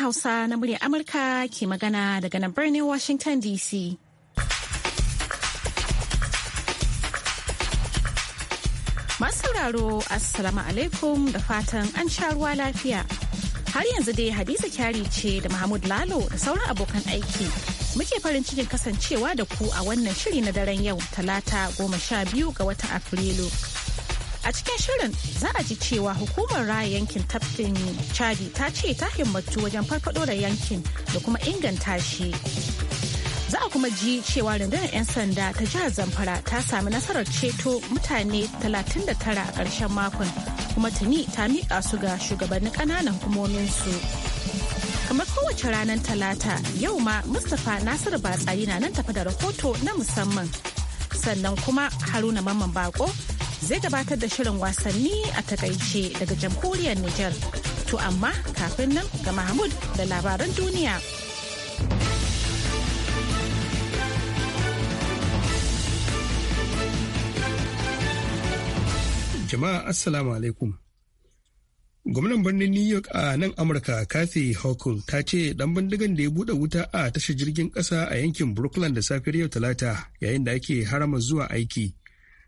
Hausa na muryar Amurka ke magana daga nan birnin Washington DC. Masu sauraro Assalamu alaikum da fatan an sha ruwa lafiya. Har yanzu dai Hadiza Kyari ce da Mahmud Lalo da sauran abokan aiki. Muke farin cikin kasancewa da ku a wannan shiri na daren yau talata goma sha biyu ga watan Afrilu. A cikin shirin za a ji cewa hukumar raya yankin tafkin Chadi ta ce ta himmatu wajen farfado da yankin da kuma inganta shi. Za a kuma ji cewa rundunar 'yan sanda ta jihar Zamfara ta sami nasarar ceto mutane 39 a ƙarshen makon kuma tuni ta miƙa su ga shugabannin ƙananan hukumominsu. Kamar kowace ranar talata yau ma Mustapha Nasiru batsayi na nan tafi da rahoto na musamman. Sannan kuma Haruna Mamman Bako zai gabatar da shirin wasanni a takaice daga jamhuriyar Nijar. To amma kafin nan ga Mahmud da labaran duniya. Jama'a Assalamu alaikum. Gwamnan birnin New York a nan Amurka Kathy Hochul ta ce ɗan bindigan da ya buɗe wuta a tashar jirgin ƙasa a yankin Brooklyn da safiyar yau Talata yayin da ake harama zuwa aiki.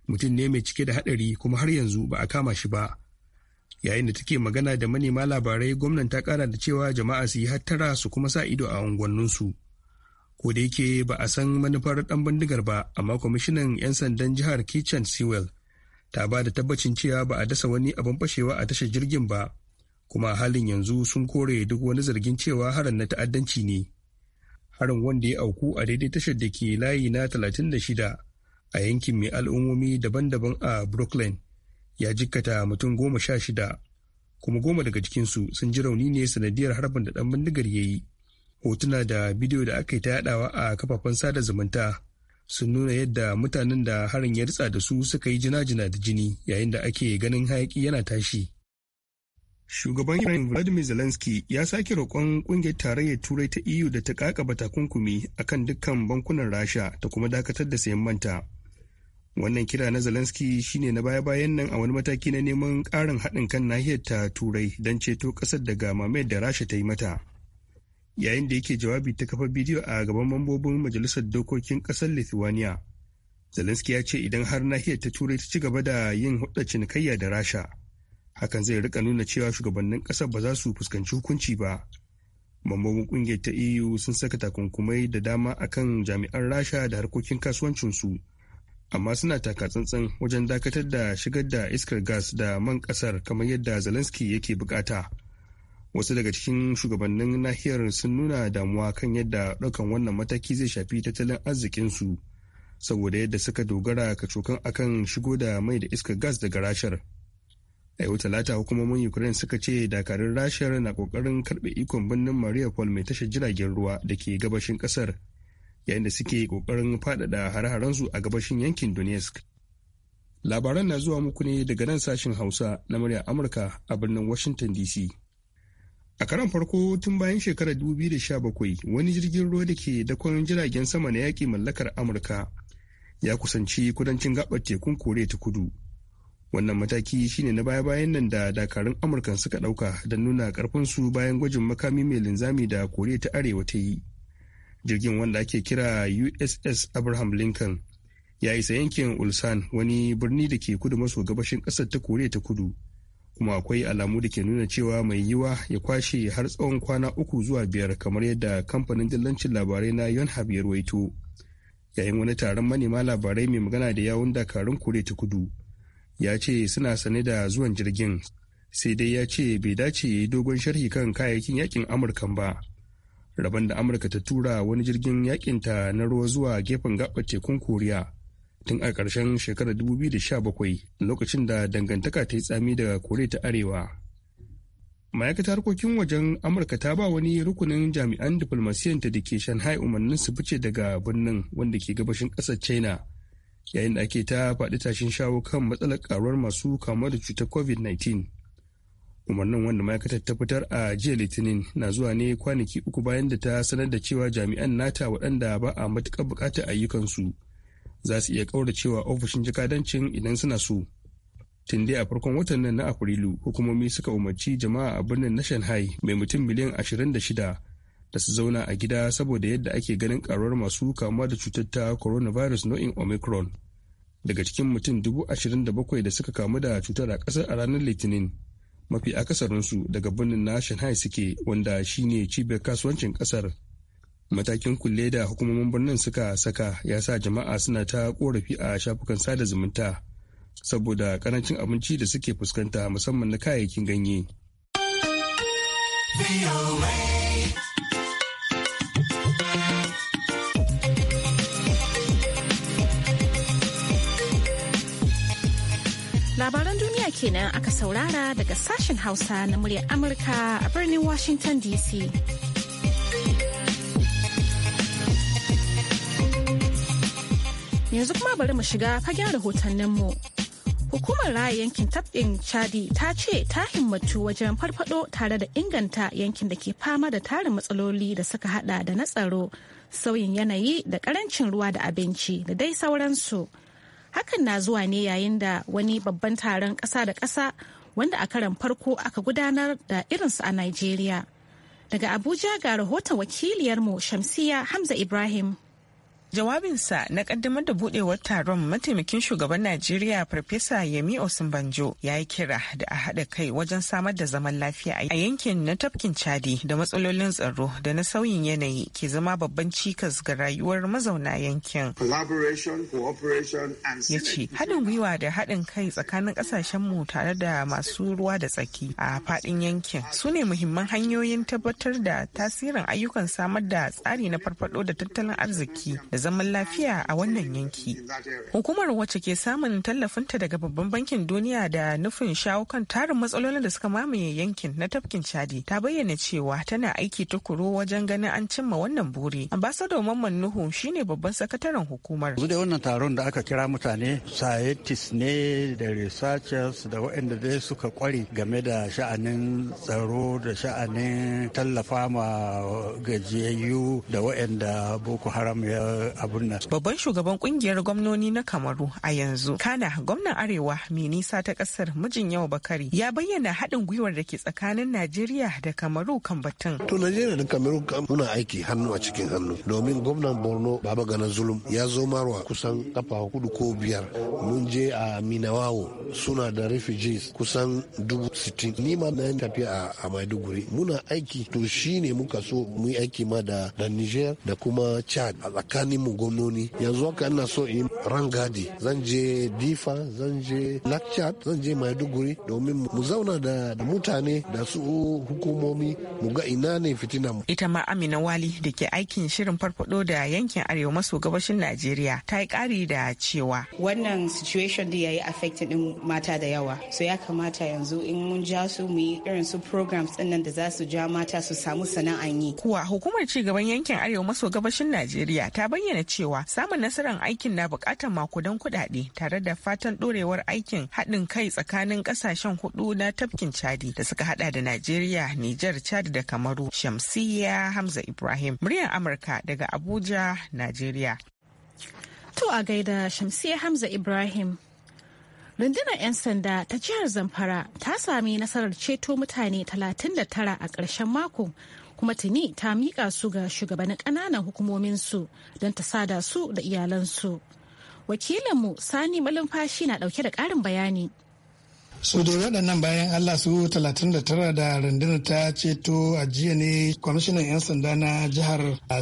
mutum ne mai cike da haɗari kuma har yanzu ba a kama shi ba yayin da take magana da manema labarai gwamnan ta kara da cewa jama'a su yi hattara su kuma sa ido a unguwanninsu ko da yake ba a san manufar dan bindigar ba amma kwamishinan 'yan sandan jihar kitchen sewell ta ba da tabbacin cewa ba a dasa wani abin fashewa a tashar jirgin ba kuma halin yanzu sun kore duk wani zargin cewa harin na ta'addanci ne harin wanda ya auku a daidai tashar da ke layi na 36 a yankin mai al'ummomi daban-daban a brooklyn ya jikkata mutum goma sha shida kuma goma daga cikinsu sun ji rauni ne sanadiyar harbin da ɗan bindigar ya yi hotuna da bidiyo da aka yi ta yaɗawa a kafafen sada zumunta sun nuna yadda mutanen da harin ya ritsa da su suka yi jina-jina da jini yayin da ake ganin hayaki yana tashi. Shugaban Ukraine Vladimir Zelensky ya sake roƙon ƙungiyar tarayyar Turai ta EU da ta kakaba takunkumi akan dukkan bankunan Rasha ta kuma dakatar da sayan manta. wannan kira na zelensky shine na baya-bayan nan a wani mataki na neman karin haɗin kan nahiyar ta turai don ceto ƙasar daga mamayar da rasha ta yi mata yayin da yake jawabi ta kafa bidiyo a gaban mambobin majalisar dokokin ƙasar lithuania zelensky ya ce idan har nahiyar ta turai ta ci gaba da yin hudda cinikayya da rasha hakan zai rika nuna cewa shugabannin ƙasar ba za su fuskanci hukunci ba mambobin ƙungiyar ta eu sun saka takunkumai da dama akan jami'an rasha da harkokin kasuwancinsu su amma suna taka tsantsan wajen dakatar da shigar da iskar gas da man kasar kamar yadda zelensky yake bukata wasu daga cikin shugabannin nahiyar sun nuna damuwa kan yadda ɗaukan wannan mataki zai shafi tattalin arzikinsu saboda yadda suka dogara ka cokan akan shigo da mai da iskar gas daga rashar a yau talata hukumomin ukraine suka ce dakarun rashar na kokarin karbe ikon birnin mariupol mai tashar jiragen ruwa da ke gabashin kasar yayin da suke kokarin faɗaɗa hare-harensu a gabashin yankin donetsk labaran na zuwa muku ne daga nan sashen hausa na murya amurka a birnin washington dc a karan farko tun bayan shekarar 2017 wani jirgin ruwa da ke dakon jiragen sama na yaƙi mallakar amurka ya kusanci kudancin gabar tekun koriya ta kudu wannan mataki shine na baya-bayan nan da dakarun amurka suka ɗauka don nuna ƙarfinsu bayan gwajin makami mai linzami da koriya ta arewa ta yi jirgin wanda ake kira uss abraham lincoln ya isa yankin ulsan wani birni da ke kudu maso gabashin ƙasar ta koriya ta kudu kuma akwai alamu da ke nuna cewa mai yiwa ya kwashe har tsawon kwana uku zuwa biyar kamar yadda kamfanin dillancin labarai na yonhap ya ruwaito yayin wani taron manema labarai mai magana da yawun dakarun koriya ta kudu ya ce suna sane da zuwan jirgin sai dai ya ce bai dace ya yi dogon sharhi kan kayayyakin yakin amurkan ba rabon da amurka ta tura wani jirgin yakinta na ruwa zuwa gefen gabar tekun koriya tun a ƙarshen shekarar 2017 lokacin da dangantaka ta yi tsami daga koriya ta arewa ma'aikata harkokin wajen amurka ta ba wani rukunin jami'an diflomasiyanta da ke shanghai umarnin su fice daga birnin wanda ke gabashin ƙasar china yayin da ake ta faɗi tashin shawo kan matsalar karuwar masu kamuwa da cutar covid-19 umarnin wanda ma'aikatar ta fitar a jiya litinin na zuwa ne kwanaki uku bayan da ta sanar da cewa jami'an nata waɗanda ba a matuƙar buƙatar ayyukansu za su iya ƙauracewa ofishin jikadancin idan suna so tun dai a farkon watan nan na afrilu hukumomi suka umarci jama'a a birnin na shanghai mai mutum miliyan 26 da su zauna a gida saboda yadda ake ganin karuwar masu kamuwa da cutar ta coronavirus nau'in omicron daga cikin mutum dubu ashirin da suka kamu da cutar a ƙasar a ranar litinin mafi akasarinsu daga birnin na shanghai suke wanda shine cibiyar kasuwancin kasar matakin kulle da hukumomin birnin suka saka ya sa jama'a suna ta korafi a shafukan sada zumunta saboda karancin abinci da suke fuskanta musamman na kayayyakin ganye labaran kenan aka saurara daga sashen Hausa na muryar Amurka a birnin Washington DC. Yanzu kuma bari mu shiga fagen rahotanninmu. Hukumar raya yankin tab'in Chadi ta ce ta himmatu wajen farfado tare da inganta yankin da ke fama da tarin matsaloli da suka hada da na tsaro, sauyin yanayi da karancin ruwa da abinci da dai sauransu. hakan na zuwa ne yayin da wani babban taron ƙasa da ƙasa wanda a karan farko aka gudanar da irinsu a Najeriya. Daga Abuja ga rahoton wakiliyarmu Shamsiya Hamza Ibrahim. jawabinsa na kaddamar da budewar taron mataimakin shugaban najeriya farfesa yemi osinbanjo ya yi kira da a haɗa kai wajen samar da zaman lafiya a yankin na tafkin chadi da matsalolin tsaro da na sauyin yanayi ke zama babban cikas ga rayuwar mazauna yankin ya ce haɗin gwiwa da haɗin kai tsakanin ƙasashen mu tare da masu ruwa da tsaki a faɗin yankin su ne muhimman hanyoyin tabbatar da tasirin ayyukan samar da tsari na farfaɗo da tattalin arziki da zaman lafiya a wannan yanki. Hukumar wacce ke samun tallafinta daga babban bankin duniya da nufin shawo kan tarin matsalolin da suka mamaye yankin na tafkin Chadi ta bayyana cewa tana aiki tukuru wajen ganin an cimma wannan buri. Ambassador Mamman Nuhu shine babban sakataren hukumar. Zuwa wannan taron da aka kira mutane scientists ne da researchers da waɗanda dai suka kware game da sha'anin tsaro da sha'anin tallafa ma gajiyayyu da waɗanda Boko Haram ya abun nan. Babban shugaban kungiyar gwamnoni na Kamaru a yanzu. Kana gwamnan Arewa mai nisa ta kasar mijin yau Bakari ya bayyana haɗin gwiwar da ke tsakanin Najeriya da Kamaru kan batun. To Najeriya da Kamaru muna aiki hannu a cikin hannu domin gwamnan Borno Baba Gana Zulum ya zo Marwa kusan kafa hudu ko biyar mun je a Minawawo suna da refugees kusan dubu sittin. Ni ma na tafiya a Maiduguri muna aiki to ne muka so mu yi aiki ma da Niger da kuma Chad a tsakanin mu gwamnoni yanzu haka ina so in rangadi zan je difa zan je lakchat zan je maiduguri domin mu zauna da, mutane da su hukumomi mu ga ina ne fitina mu ita ma amina wali da ke aikin shirin farfado da yankin arewa maso gabashin najeriya ta yi kari da cewa wannan situation da yayi affecting din mata da yawa so ya kamata yanzu in mun ja su mu yi irin su programs din nan da za su ja mata su samu sana'an yi kuwa hukumar ci gaban yankin arewa maso gabashin najeriya ta bayyana bayyana cewa samun nasarar aikin na bukatar makudan kudade tare da fatan dorewar aikin haɗin kai tsakanin ƙasashen hudu na tafkin Chadi da suka hada da Najeriya, Nijar, Chad da Kamaru. Shamsiya Hamza Ibrahim, muryar Amurka daga Abuja, Najeriya. To a gaida Shamsiya Hamza Ibrahim. Rundunar 'yan sanda ta jihar Zamfara ta sami nasarar ceto mutane 39 a ƙarshen mako kuma tuni ta miƙa su ga shugabannin ƙananan hukumominsu don ta sada su da iyalansu wakilinmu sani malumfashi na ɗauke da ƙarin bayani su dai waɗannan bayan allah su 39 da rundunar ta ceto a jiya ne kwamishinan 'yan sanda na jihar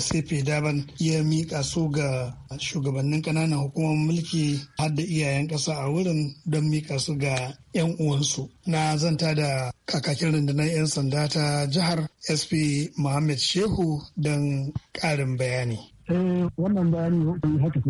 cp daban ya miƙa su ga shugabannin ƙananan hukumar mulki har da iyayen ƙasa a wurin don miƙa su ga 'yan uwansu na zanta da kakakin rundunar 'yan sanda ta jihar sp muhammad shehu don ƙarin bayani eh, wannan bayani haka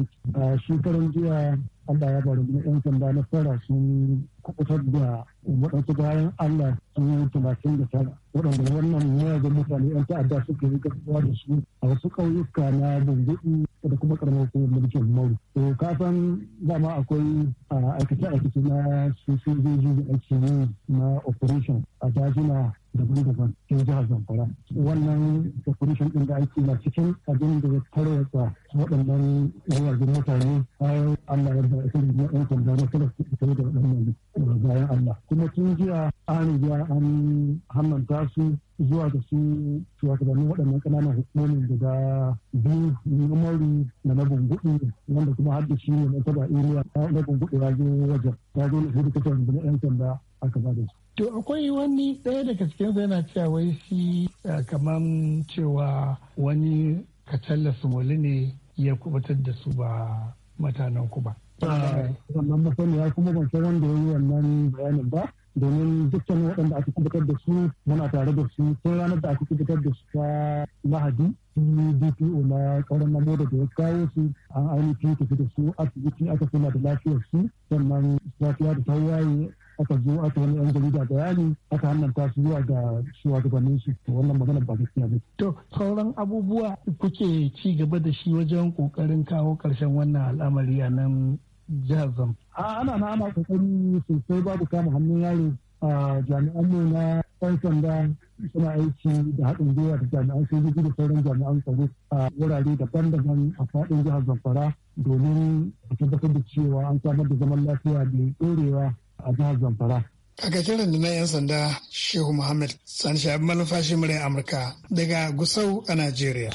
shi karan jiya allah ya bari 'yan sanda na fara sun kubutar da waɗansu bayan Allah sun yi talatin da tara waɗanda wannan waya da mutane yan ta'adda suke yi kasuwa da su a wasu ƙauyuka na dangaɗi da kuma ƙaramar kuma mulkin mauri. To ka san dama akwai aikace-aikace na sojoji da ake yi na operation a dajina daban-daban in jihar zamfara wannan definition ɗin da ake na cikin abin da ya da waɗannan wajen mutane bayan allah ya da irin na ɗan kwanza na kada su fito da waɗannan bayan allah kuma tun jiya an riga an hannanta su zuwa da su shugabannin waɗannan ƙananan hukumomin guda biyu numari da na bunguɗi wanda kuma har da shi ne na taba iriya na bunguɗi ya zo wajen ya zo na hudu kasar da na 'yan sanda aka ba da su To akwai wani ɗaya daga cikinsu yana cewa wai shi eh, kamar cewa wani kacalla sumoli ne ya kubutar da su ba mutanen ku ba. Ah, wannan ya kuma ban san wanda ya yi wannan bayanin ba. domin dukkan waɗanda aka kubutar da su muna tare da su sai ranar da aka kubutar da su ta lahadi dpo na ƙaurin namo da ya kawo su an ainihin tafi da su asibiti aka kula da lafiyar su sannan lafiya da tawaye aka zo aka wani yan jarida bayani aka hannanta su zuwa ga shugabannin su to wannan magana ba gaskiya ne to sauran abubuwa kuke ci gaba da shi wajen kokarin kawo karshen wannan al'amari a nan jihar zam a ana na ana kokari sosai babu kama hannun yaro a jami'an mu na yan sanda suna aiki da haɗin gwiwa da jami'an sojoji da sauran jami'an tsaro a wurare daban-daban a faɗin jihar zamfara domin a tabbatar da cewa an samar da zaman lafiya da ɗorewa a jihar Zamfara. da na 'yan sanda Shehu Muhammad Sani Shabi Malumfashi murai Amurka daga Gusau a Najeriya.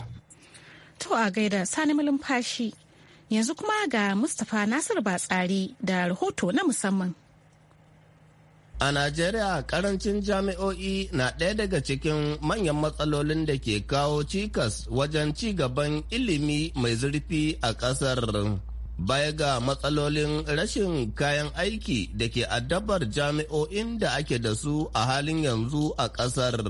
To a gaida Sani Malumfashi yanzu kuma ga Mustapha Nasiru Batsari da rahoto na musamman. A Najeriya karancin jami'o'i na ɗaya daga cikin manyan matsalolin da ke kawo cikas wajen ci gaban ilimi mai zurfi a ƙasar. baya ga matsalolin rashin kayan aiki da ke addabar jami'o'in da ake da su a halin yanzu a ƙasar.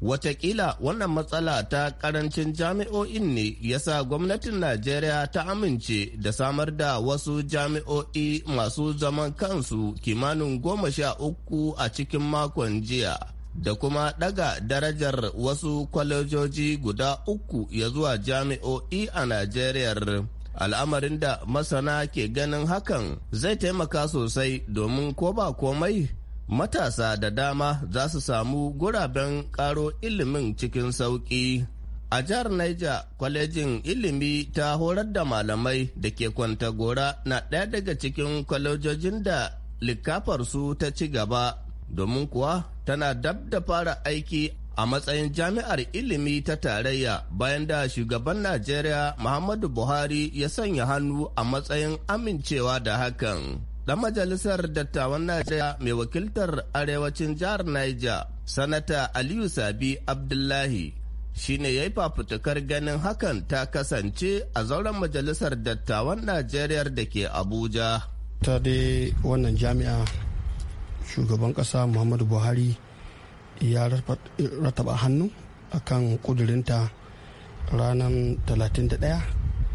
Watakila wannan matsala ta karancin jami'o'in ne ya sa gwamnatin Najeriya ta amince da samar da wasu jami'o'i masu zaman kansu kimanin goma sha uku a cikin makon jiya da kuma ɗaga darajar wasu kwalejoji guda uku ya zuwa jami'o'i a Najeriya. al'amarin da masana ke ganin hakan zai taimaka sosai domin ko ba komai matasa da dama za su samu guraben karo ilimin cikin sauƙi. A jihar Niger, kwalejin ilimi ta horar da malamai da ke kwanta gora na ɗaya daga cikin kwalejojin da likafarsu ta ci gaba, domin kuwa tana dab da fara aiki a matsayin jami'ar ilimi ta tarayya bayan da shugaban Najeriya Muhammadu Buhari ya sanya hannu a matsayin amincewa da hakan. ɗan majalisar dattawan Najeriya mai wakiltar arewacin jihar Niger, Sanata Aliyu Sabi Abdullahi shine ya yi fafutukar ganin hakan ta kasance a zauren majalisar dattawan Najeriya da ke Abuja. Ta dai wannan jami'a shugaban ƙasa Muhammadu Buhari ya rataba hannu a kan kudurinta ranar 31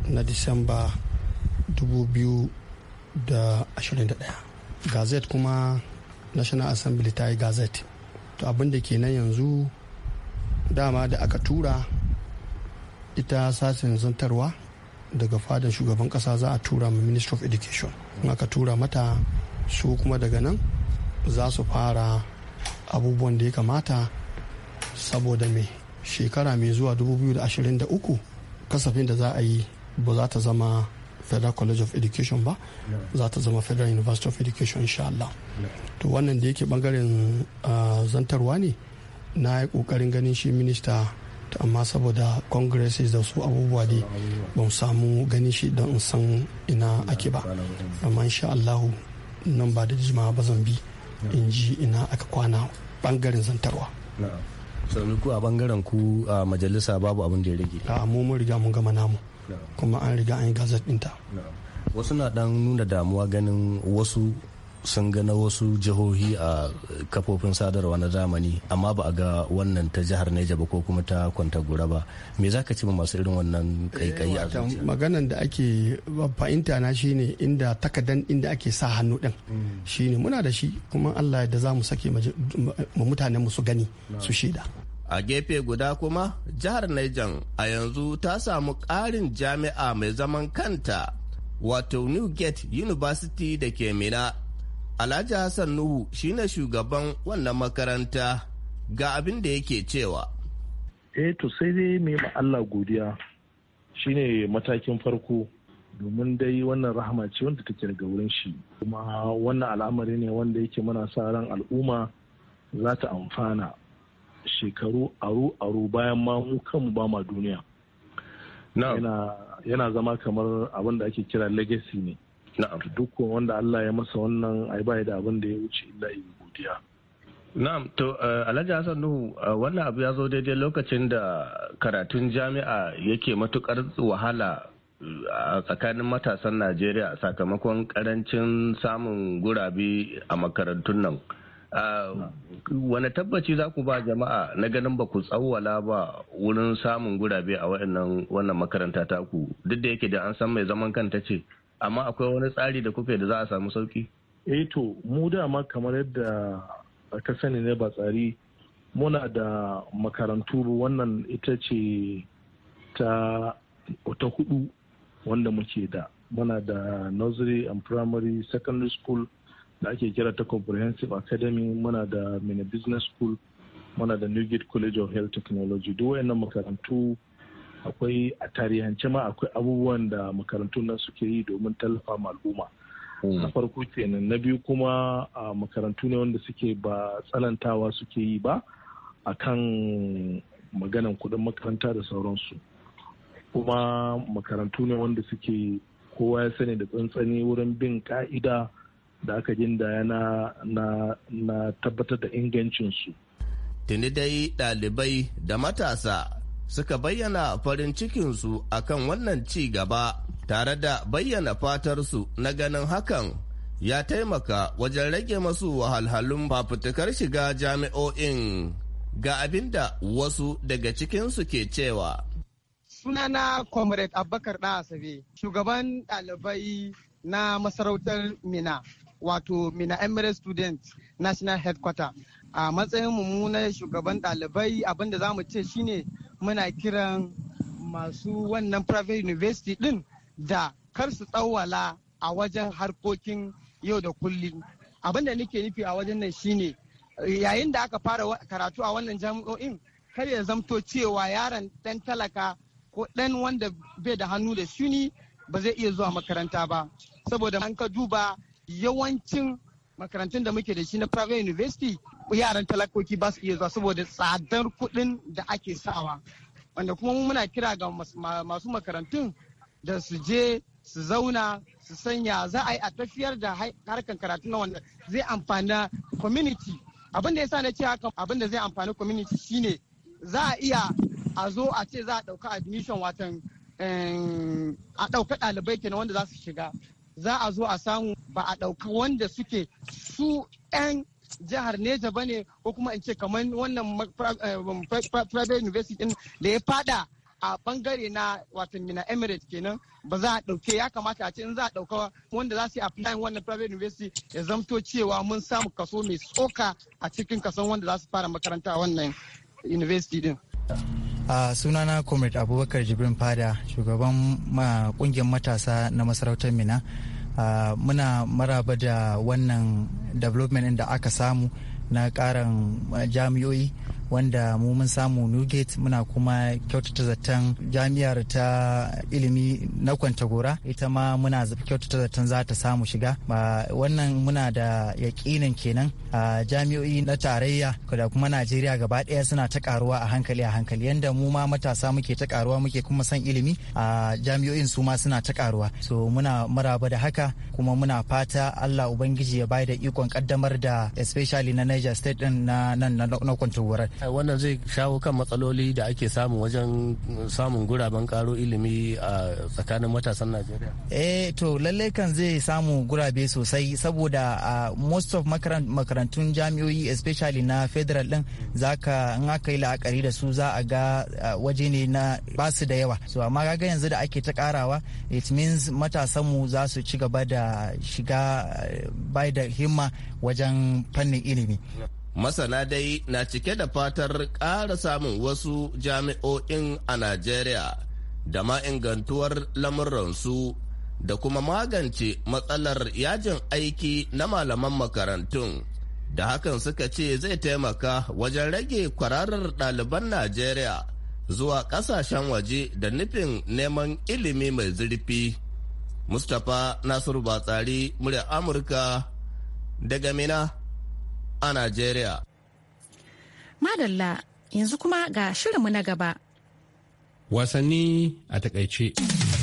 na disamba 2021 Gazet kuma national assembly ta yi gazette to abinda ke nan yanzu dama da aka tura ita sasin zantarwa daga fadar shugaban kasa za a tura ma minister of education aka tura mata su kuma daga nan za su fara abubuwan da ya kamata saboda mai shekara mai zuwa 2023 kasafin da za a yi ba za ta zama federal college of education ba za ta zama federal university of education insha Allah to wannan da yake bangaren zantarwa ne na yi kokarin ganin shi minista amma saboda congress da su abubuwa ne ba samu ganin shi don san ina ake ba amma insha Allah nan ba da jima'a ba zan bi in ji ina aka kwana bangaren zantarwa sauri ku a bangaren ku a majalisa babu abin da ya rage a mu mun riga mun gama namu kuma an riga an yi gazet ɗinta wasu na dan nuna damuwa ganin wasu sun ga na wasu jihohi a kafofin sadarwa na zamani amma ba a ga wannan ta jihar neja ba ko kuma ta kwantagura ba me za ka ci masu irin wannan kaikayi a eh, zuciya maganan da ake fahimta na shine inda takadan inda ake sa hannu din mm. shine muna da shi kuma allah da za mu sake mu musu mu su gani su shaida a gefe guda kuma jihar nejan a yanzu ta samu ƙarin jami'a mai zaman kanta wato newgate university da ke mina Alhaji Hassan Nuhu shine shugaban wannan makaranta ga abin da yake cewa. Eh to sai dai mai yi Allah godiya shine matakin farko domin dai wannan rahama ce wanda take daga wurin shi kuma wannan al'amari ne wanda yake mana sa ran al'umma za ta amfana shekaru aro aro bayan ma mu kanmu ba ma duniya yana zama kamar abin da ake kira legacy ne na'am duk wanda Allah ya masa wannan ai bai da abin da ya wuce illa yi godiya na'am to eh, Alhaji Hassan Nuhu eh, wannan abu ya zo daidai lokacin da karatun jami'a yake matukar wahala eh, a tsakanin matasan Najeriya sakamakon karancin samun gurabe a makarantun nan wani tabbaci za ku ba jama'a na ganin ba ku tsawwala ba wurin samun gurabe a wannan makaranta ku duk da yake da an san mai zaman kanta ce amma akwai wani tsari da kuke da za a samu sauki eh to mu dama kamar yadda ka sani ne ba tsari muna da makarantu wannan ita ce ta ta hudu wanda muke da muna da nursery and primary secondary school da ake kira ta comprehensive academy muna da mini business school muna da newgate college of health technology duk wayannan makarantu akwai a tarihance ma akwai abubuwan da makarantu nan suke yi domin tallafa al'umma hmm. na farko kenan na biyu kuma makarantu ne wanda suke ba tsanantawa suke yi ba a kan maganan kudin makaranta da sauransu kuma makarantu ne wanda suke kowa ya sani da tsantsani wurin bin ka'ida da aka jin na, na, na tabbatar da ingancinsu. Tuni dai ɗalibai da matasa suka bayyana farin cikinsu akan wannan ci gaba tare da bayyana fatarsu na ganin hakan ya taimaka wajen rage masu wahalhalun fafutukar shiga jami'o'in ga abin da wasu daga cikinsu ke cewa. Sunana Comrade Abubakar ɗan Asabe, shugaban ɗalibai na masarautar Mina, wato Mina Emirates Student National Headquarter. A matsayin mu na shugaban ɗalibai abinda za mu ce shine muna kiran masu wannan private university din da kar su tsawala a wajen harkokin yau da kullum abinda nake nufi a wajen nan shine yayin da aka fara karatu a wannan jami'o'in kar ya zamto cewa yaron dan talaka ko dan wanda bai da hannu da shuni ba zai iya zuwa makaranta ba saboda an ka duba yawancin makarantun da muke da shi na private university yaran talakoki ba su iya zuwa saboda tsadar kuɗin da ake sawa wanda kuma muna kira ga masu makarantun da su je su zauna su sanya za a yi a tafiyar da harkar karatu na wanda zai amfana community abin da ya sa na ce haka abin da zai amfani community shine za a iya a zo a ce za a ɗauka admission watan eh, a ɗauka ɗalibai kenan wanda za su shiga za a zo a samu ba a ɗauka wanda suke su 'yan jihar Neja ba ne ko kuma in ce kamar wannan eh, um, private university din da ya fada a bangare na wato mina emirates kenan ba za a dauke ya kamata a ce in za a dauka wanda za su yi applying wannan private university ya zamto cewa mun samu kaso mai tsoka a cikin kason wanda za su fara makaranta a wannan university din. a sunana comrade abubakar jibrin fada shugaban kungiyar matasa na masarautar mina Ah, muna maraba da wannan development da aka samu na karan ah, jami'oi wanda mu mun samu newgate muna kuma kyautata zaton jami'ar ta ilimi na kwantagora ita ma muna kyautata zaton za ta samu shiga wannan muna da yakinin kenan a jami'o'i na tarayya da kuma najeriya gaba ɗaya suna ta karuwa a hankali a hankali yanda mu ma matasa muke ta karuwa muke kuma san ilimi a jami'o'in su ma suna ta karuwa so muna maraba da haka kuma muna fata allah ubangiji ya bayar da ikon kaddamar da especially na niger state din na nan na kwantagora wannan zai shawo kan matsaloli da ake samu wajen samun guraben karo ilimi a tsakanin matasan najeriya eh to lallai kan zai samu gurabe sosai saboda most of makarantun jami'o'i especially na federal din zaka in aka yi la'akari da su za a ga waje ne na basu da yawa so amma ga yanzu da ake ta karawa it means matasanmu za su ci gaba da shiga bai da himma wajen fannin ilimi Masana dai na cike da fatar ƙara samun wasu jami'o'in a Najeriya da ma ingantuwar lamuransu da kuma magance matsalar yajin aiki na malaman makarantun. Da hakan suka ce zai taimaka wajen rage kwararar ɗaliban Najeriya zuwa ƙasashen waje da nufin neman ilimi mai zurfi. Mustapha Nasiru Batsari, murya Amurka, daga Mina. a Najeriya. Madalla yanzu kuma ga shirinmu na gaba. Wasanni a takaice.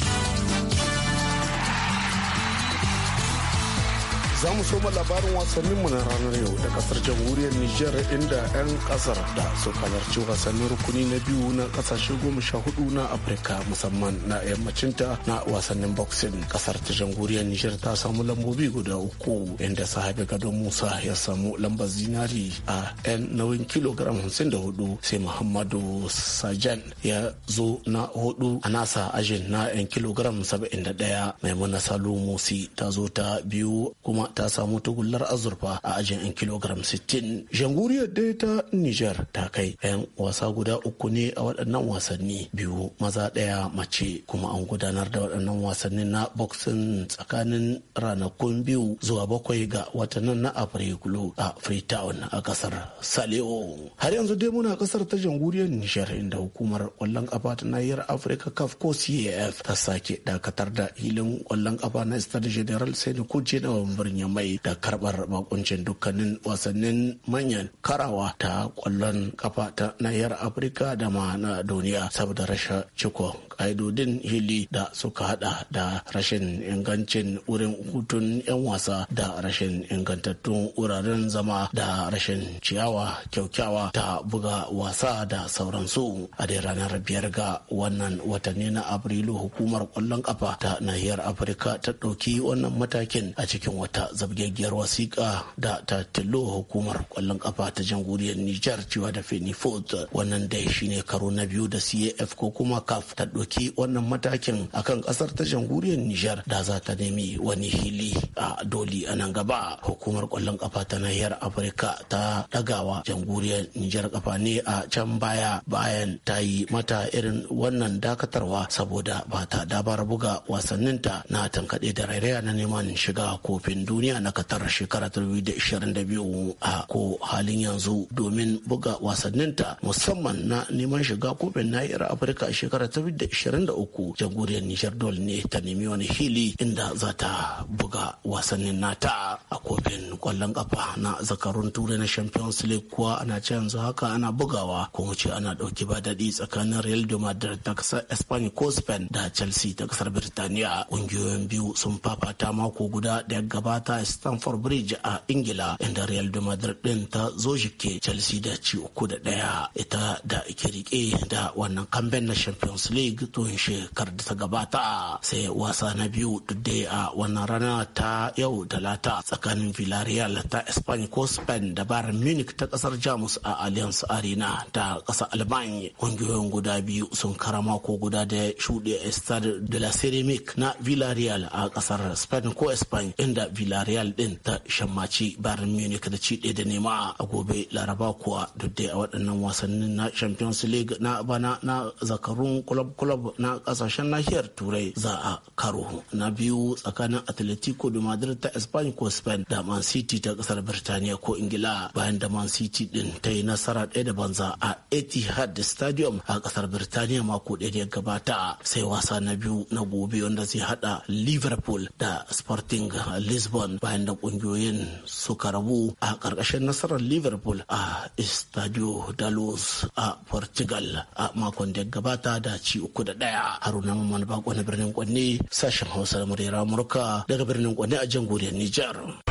Za mu soma labarin wasannin mu na ranar yau da kasar jamhuriyar Nijar inda 'yan kasar da suka halarci wasannin rukuni na biyu na kasashe goma sha hudu na Afirka musamman na yammacinta na wasannin boxing. Kasar ta jamhuriyar Nijar ta samu lambobi guda uku inda sahabi gado Musa ya samu lambar zinari a 'yan nauyin kilogram hamsin da hudu sai Muhammadu Sajan ya zo na hudu a nasa ajin na 'yan kilogram saba'in da daya Maimuna Salu Musi ta zo ta biyu kuma ta samu tugullar azurfa a ajin 'yan kilogram 60 janguriyar dai ta niger ta kai 'yan wasa guda uku ne a waɗannan wasanni biyu maza ɗaya mace kuma an gudanar da waɗannan wasannin na boxing tsakanin ranakun biyu zuwa bakwai ga watannin na Afrikulu a freetown a ƙasar saleo har yanzu dai muna ƙasar ta jamhuriyar niger inda hukumar ƙwallon ƙafa ta nahiyar afirka caf ko caf ta sake dakatar da hilin ƙwallon ƙafa na Estadio general sai da kuje na birnin Mai da karbar makuncin dukkanin wasannin manyan karawa ta kwallon kafa ta nahiyar Afirka da ma na duniya saboda rashin ciko ka'idodin hili da suka hada da rashin ingancin wurin hutun 'yan wasa da rashin ingantattun wuraren zama da rashin ciyawa kyaukyawa ta buga wasa da sauransu a dai ranar biyar ga wannan watanni na afrilu hukumar kwallon kafa ta nahiyar afirka ta ɗauki wannan matakin a cikin wata zabgaggiyar wasiƙa da ta tillo hukumar ƙwallon ƙafa ta jamhuriyar Nijar cewa da Fenifort wannan dai shine karo na biyu da CAF ko kuma CAF ta ɗauki wannan matakin akan ƙasar ta jamhuriyar Nijar da za ta nemi wani hili a doli a nan gaba hukumar kwallon ƙafa ta nahiyar Afirka ta ɗagawa jamhuriyar Nijar kafa ne a can baya bayan ta yi mata irin wannan dakatarwa saboda ba ta dabar buga wasanninta na tankaɗe da rairaya na neman shiga kofin duniya duniya na katar shekara 2022 a ko halin yanzu domin buga wasanninta musamman na neman shiga kofin nahiyar afirka a shekara 2023 jamhuriyar nijar dole ne ta nemi wani hili inda za ta buga wasannin nata a kofin kwallon kafa na zakarun turai na champions league kuwa ana ce yanzu haka ana bugawa ko ce ana dauki ba daɗi tsakanin real madrid ta kasar espanya ko spain da chelsea ta kasar birtaniya ƙungiyoyin biyu sun fafata mako guda da ya gabata ta Stamford Bridge a Ingila inda Real Madrid din ta zo jike Chelsea da ci uku da ɗaya ita da ke rike da wannan kamben na Champions League tun shekar da ta gabata sai wasa na biyu duk a wannan rana ta yau talata tsakanin Villarreal ta Spain ko Spain da Bayern Munich ta kasar Jamus a Allianz Arena ta kasar Alman kungiyoyin guda biyu sun kara mako guda da shuɗe Stade de la Ceramique na Villarreal a kasar Spain ko Spain inda Villarreal villarreal din ta shammaci bayern munich da ci da nema a gobe laraba kuwa duk da a waɗannan wasannin na champions league na bana na zakarun club club na ƙasashen nahiyar turai za a karo na biyu tsakanin atletico de madrid ta spain ko spain da man city ta ƙasar birtaniya ko ingila bayan da man city din ta yi nasara ɗaya da banza a etihad stadium a ƙasar birtaniya mako ɗaya da ya gabata sai wasa na biyu na gobe wanda zai hada liverpool da sporting lisbon Everton bayan da kungiyoyin suka rabu a ƙarƙashin nasarar Liverpool a Estadio Dalos a Portugal a makon da gabata da ci uku da ɗaya. Haruna Mamman Bako na birnin Kwanne sashen Hausa da Murera Amurka daga birnin Kwanne a jamhuriyar Nijar.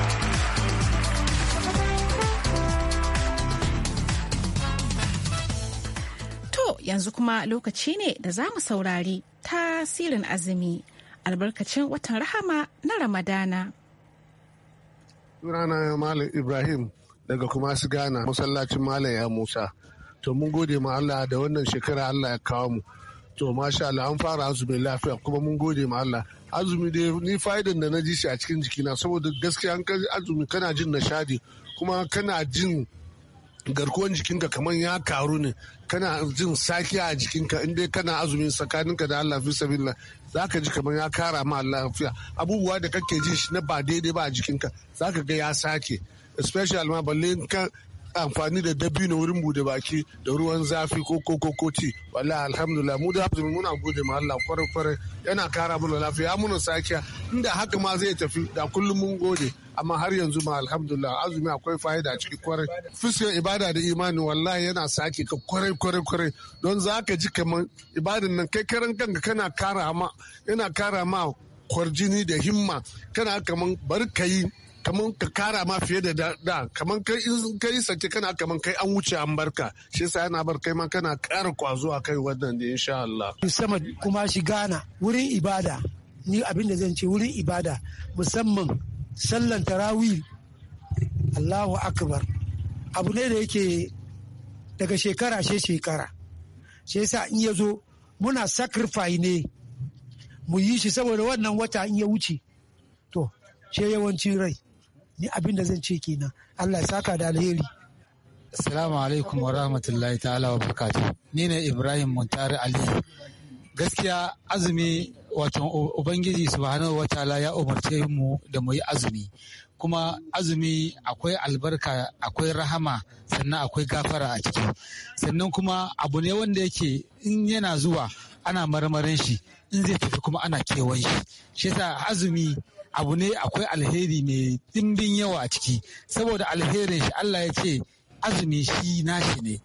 yanzu kuma lokaci ne da za mu saurari tasirin azumi albarkacin watan rahama na ramadana Sunana Malam Ibrahim daga kuma su gana masallacin Malam ya Musa. To mun gode ma Allah da wannan shekara Allah ya kawo mu. To masha Allah an fara azumin lafiya kuma mun gode ma Allah. Azumi dai ni fa'idan da na ji shi a cikin jikina saboda gaskiya an azumi kana jin nishadi kuma kana jin garkuwan jikinka kamar ya karu ne kana jin sakiya a jikinka in dai kana azumin tsakaninka da Allah fi sabilla za ka ji kamar ya kara ma lafiya abubuwa da kake ji shi na ba daidai ba a jikinka za ka ga ya sake especially ma balle amfani da dabino wurin bude baki da ruwan zafi ko ko ko ko ci wala alhamdulillah mu da hafizu muna gode ma Allah kwarai kwarai yana kara mana lafiya mun sakiya inda haka ma zai tafi da kullum mun gode amma har yanzu ma alhamdulillah azumi akwai fa'ida ciki kwarai fuskar ibada da imani wallahi yana sake ka kwarai kwarai kwarai don za ka ji kaman ibadan nan kai karan kanka kana kara ma yana kara ma kwarjini da himma kana kaman bar ka yi kamar ka kara ma fiye da da kamar kai in kai sake kana kaman kai an wuce an barka shi yasa yana bar kai ma kana kara kwazo a kai wannan da insha Allah sama kuma shi Ghana wurin ibada ni abin da zan ce wurin ibada musamman sallan tarawih Allahu akbar abu ne da yake daga shekara she shekara shi yasa in ya zo muna sacrifice ne mu yi shi saboda wannan wata in ya wuce to she yawancin rai ni abin da zan ce kenan Allah ya saka da alheri Assalamu alaikum wa rahmatullahi ta'ala wa barakatuh ni ne Ibrahim Muntari Ali gaskiya azumi wato ubangiji subhanahu wa ta'ala ya umarce mu da mu yi azumi kuma azumi akwai albarka akwai rahama sannan akwai gafara a ciki sannan kuma abu ne wanda yake in yana zuwa ana marmarin shi in zai tafi kuma ana kewaye shi shi yasa azumi abu ne akwai alheri mai dimbin yawa a ciki saboda alherin shi Allah ya ce azumi shi nashi ne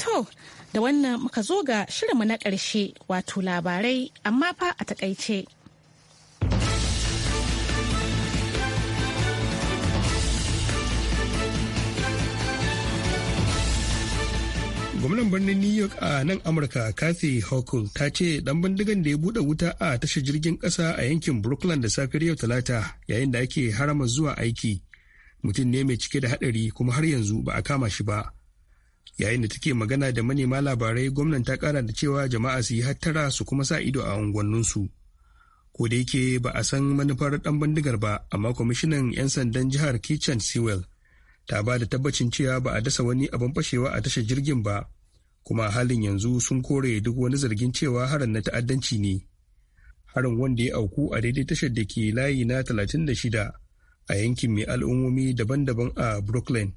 to da wannan muka zo ga shirinmu na ƙarshe wato labarai amma fa a takaice gwamnan birnin new york a nan amurka kathy hochul ta ce dan bindigan da ya bude wuta a tashar jirgin kasa a yankin brooklyn da safiyar yau talata yayin da ake harama zuwa aiki mutum ne mai cike da hadari kuma har yanzu ba a kama shi ba yayin da take magana da manema labarai gwamnan ta kara da cewa jama'a su yi hattara su kuma sa ido a unguwanninsu ko da yake ba a san manufar dan bindigar ba amma kwamishinan 'yan sandan jihar kitchen sewell ta ba da tabbacin cewa ba a dasa wani abin fashewa a tashar jirgin ba kuma halin yanzu sun kore duk wani zargin cewa harin na ta'addanci ne harin wanda ya auku a daidai tashar da ke layi na shida a yankin mai al'ummomi daban-daban a brooklyn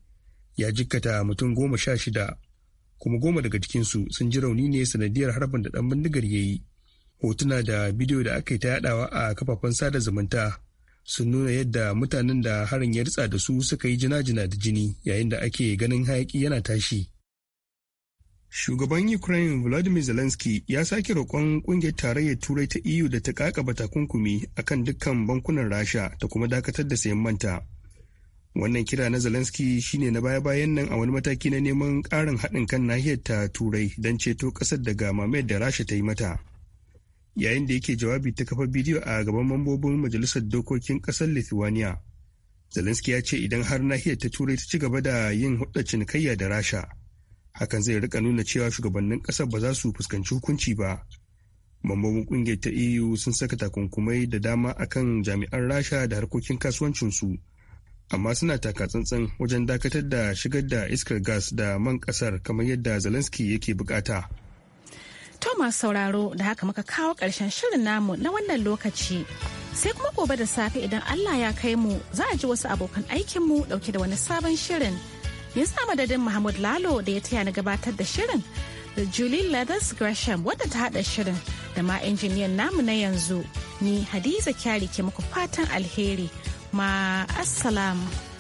ya jikkata mutum goma sha shida kuma goma daga cikinsu sun ji rauni ne sanadiyar harbin da ɗan bindigar ya yi hotuna da bidiyo da aka yi ta yadawa a kafafen sada zumunta sun nuna yadda mutanen da harin ya ritsa da su suka yi jina-jina da jini yayin da ake ganin hayaki yana tashi. Shugaban Ukraine Volodymyr Zelensky ya sake roƙon ƙungiyar tarayyar Turai ta EU da ta kakaba takunkumi kan dukkan bankunan Rasha ta kuma dakatar da sayan manta. Wannan kira na Zelensky shine na baya-bayan nan a wani mataki na neman ƙarin haɗin kan nahiyar ta Turai don ceto ƙasar daga mamayar da Rasha ta yi mata. yayin da yake jawabi ta kafa bidiyo a gaban mambobin majalisar dokokin kasar lithuania zelensky ya ce idan har nahiyar ta turai ta ci gaba da yin hudda cinikayya da rasha hakan zai rika nuna cewa shugabannin kasar ba za su fuskanci hukunci ba mambobin kungiyar ta eu sun saka takunkumai da dama akan jami'an rasha da harkokin kasuwancinsu amma suna taka tsantsan wajen dakatar da shigar da iskar gas da man kasar kamar yadda zelensky yake bukata. Thomas sauraro da haka muka kawo ƙarshen shirin namu na wannan lokaci. Sai kuma gobe da safe idan Allah ya kai mu za a ji wasu abokan aikinmu ɗauke da wani sabon shirin. Yanzu madadin Mahmud Lalo da ya taya na gabatar da shirin da Julie Leathers Gresham wadda ta haɗa shirin da ma injiniyan namu na yanzu ni Hadiza Kyari ke muku fatan alheri. Ma assalamu.